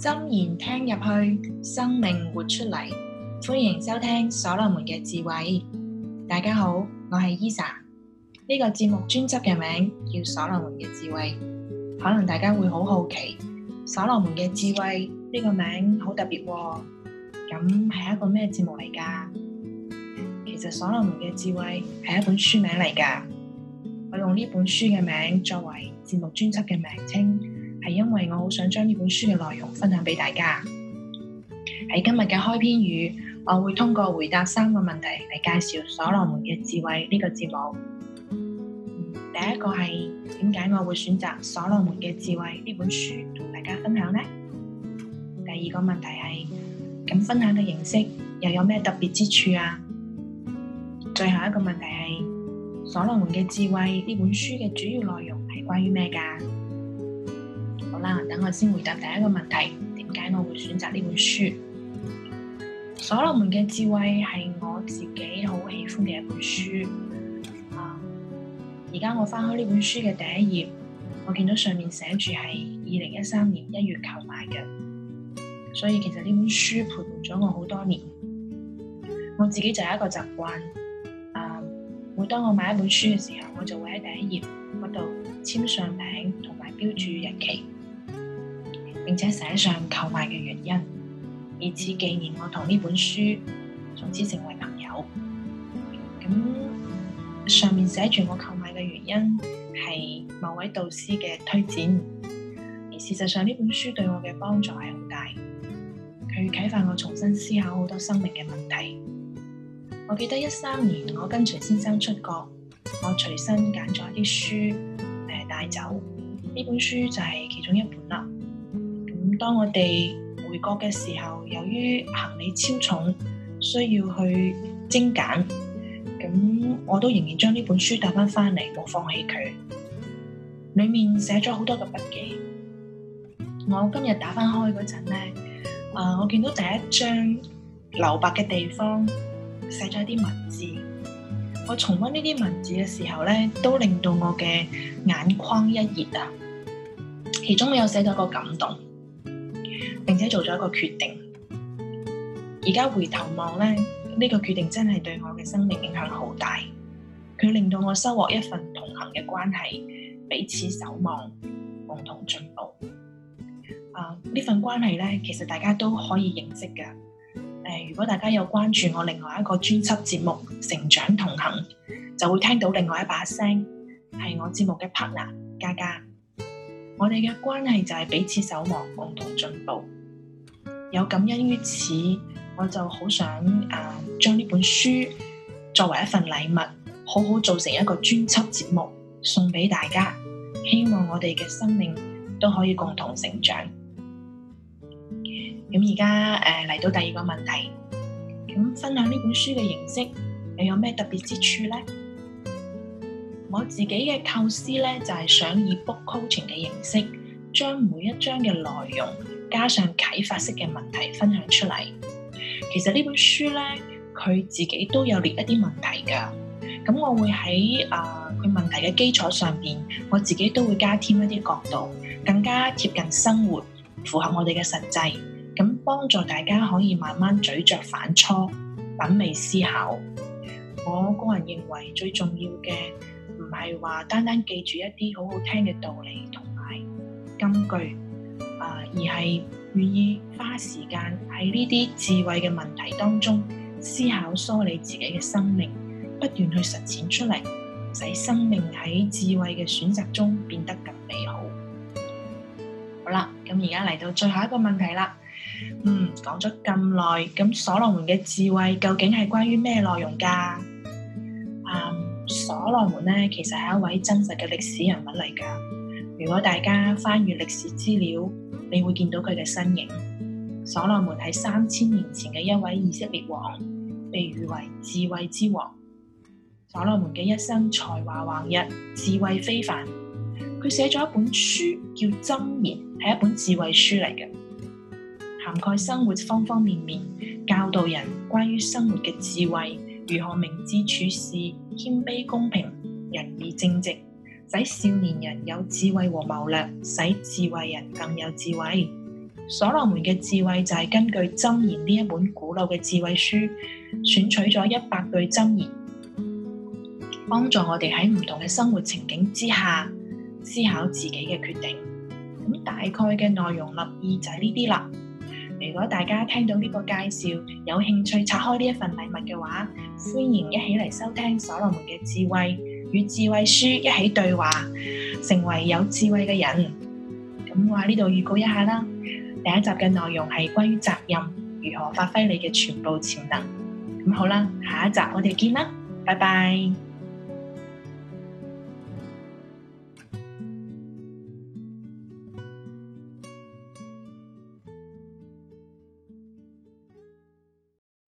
箴言聽入去，生命活出嚟。歡迎收聽《所羅門嘅智慧》。大家好，我係 Esa。呢個節目專輯嘅名字叫《所羅門嘅智慧》，可能大家會好好奇，《所羅門嘅智慧》呢個名好特別。咁係一個咩節目嚟噶？其實《所羅門嘅智慧》係一本書名嚟噶，我用呢本書嘅名字作為節目專輯嘅名稱。是因為我好想將這本書的內容分享給大家。喺今日的開篇語，我會通過回答三個問題來介紹《所羅門的智慧》這個節目。嗯，第一個是為什麼我會選擇《所羅門的智慧》這本書和大家分享呢？第二個問題是咁分享的形式又有什麼特別之處啊？最後一個問題是《所羅門的智慧》這本書的主要內容是關於咩㗎？啦，等我先回答第一個問題，點解我會選擇呢本書《所羅門嘅智慧》，係我自己好喜歡嘅一本書。啊，而家我翻開呢本書嘅第一頁，我見到上面寫住係二零一三年一月購買嘅，所以其實呢本書陪伴咗我好多年。我自己就有一個習慣，啊，每當我買一本書嘅時候，我就會喺第一頁嗰度簽上名同埋標注日期。並且寫上購買嘅原因，以此紀念我同呢本書從此成為朋友。咁上面寫住我購買嘅原因係某位導師嘅推薦，而事實上呢本書對我嘅幫助係好大，佢啟發我重新思考好多生命嘅問題。我記得一三年我跟隨先生出國，我隨身揀咗一啲書、呃、帶走，呢本書就係其中一本啦。當我哋回國嘅時候，由於行李超重，需要去精簡，咁我都仍然將呢本書帶翻翻嚟，冇放棄佢。裏面寫咗好多嘅筆記。我今日打翻開嗰陣咧，啊，我見到第一張留白嘅地方寫咗一啲文字。我重溫呢啲文字嘅時候咧，都令到我嘅眼眶一熱啊！其中我有寫咗個感動。並且做咗一個決定，而家回頭望呢，呢個決定真係對我嘅生命影響好大。佢令到我收穫一份同行嘅關係，彼此守望，共同進步。啊，呢份關係呢，其實大家都可以認識嘅。誒，如果大家有關注我另外一個專輯節目《成長同行》，就會聽到另外一把聲，係我節目嘅 partner 嘉嘉。我哋嘅關係就係彼此守望，共同進步。有感恩於此，我就好想啊，將呢本書作為一份禮物，好好做成一個專輯節目送俾大家。希望我哋嘅生命都可以共同成長。咁而家誒，嚟到第二個問題，咁分享呢本書嘅形式又有咩特別之處咧？我自己嘅構思咧就係、是、想以 book coaching 嘅形式，將每一章嘅內容。加上啟發式嘅問題分享出嚟，其實呢本書咧，佢自己都有列一啲問題噶。咁我會喺誒佢問題嘅基礎上邊，我自己都會加添一啲角度，更加貼近生活，符合我哋嘅實際，咁幫助大家可以慢慢咀嚼、反芻、品味、思考。我個人認為最重要嘅唔係話單單記住一啲好好聽嘅道理同埋金句。而係願意花時間喺呢啲智慧嘅問題當中思考梳理，自己嘅生命，不斷去實踐出嚟，使生命喺智慧嘅選擇中變得更美好。好啦，咁而家嚟到最後一個問題啦。嗯，講咗咁耐，咁所羅門嘅智慧究竟係關於咩內容噶？啊、嗯，所羅門咧，其實係一位真實嘅歷史人物嚟噶。如果大家翻閱歷史資料，你會見到佢嘅身影。所羅門係三千年前嘅一位以色列王，被譽為智慧之王。所羅門嘅一生才華橫溢，智慧非凡。佢寫咗一本書叫《箴言》，係一本智慧書嚟嘅，涵蓋生活方方面面，教導人關於生活嘅智慧，如何明智處事，謙卑公平，仁義正直。使少年人有智慧和謀略，使智慧人更有智慧。所羅門嘅智慧就係根據《箴言》呢一本古老嘅智慧書，選取咗一百句箴言，幫助我哋喺唔同嘅生活情景之下思考自己嘅決定。咁大概嘅內容立意就係呢啲啦。如果大家聽到呢個介紹有興趣拆開呢一份禮物嘅話，歡迎一起嚟收聽所羅門嘅智慧。與智慧書一起對話，成為有智慧嘅人。咁我在呢度預告一下啦，第一集嘅內容係關於責任，如何發揮你嘅全部潛能。咁好啦，下一集我哋見啦，拜拜。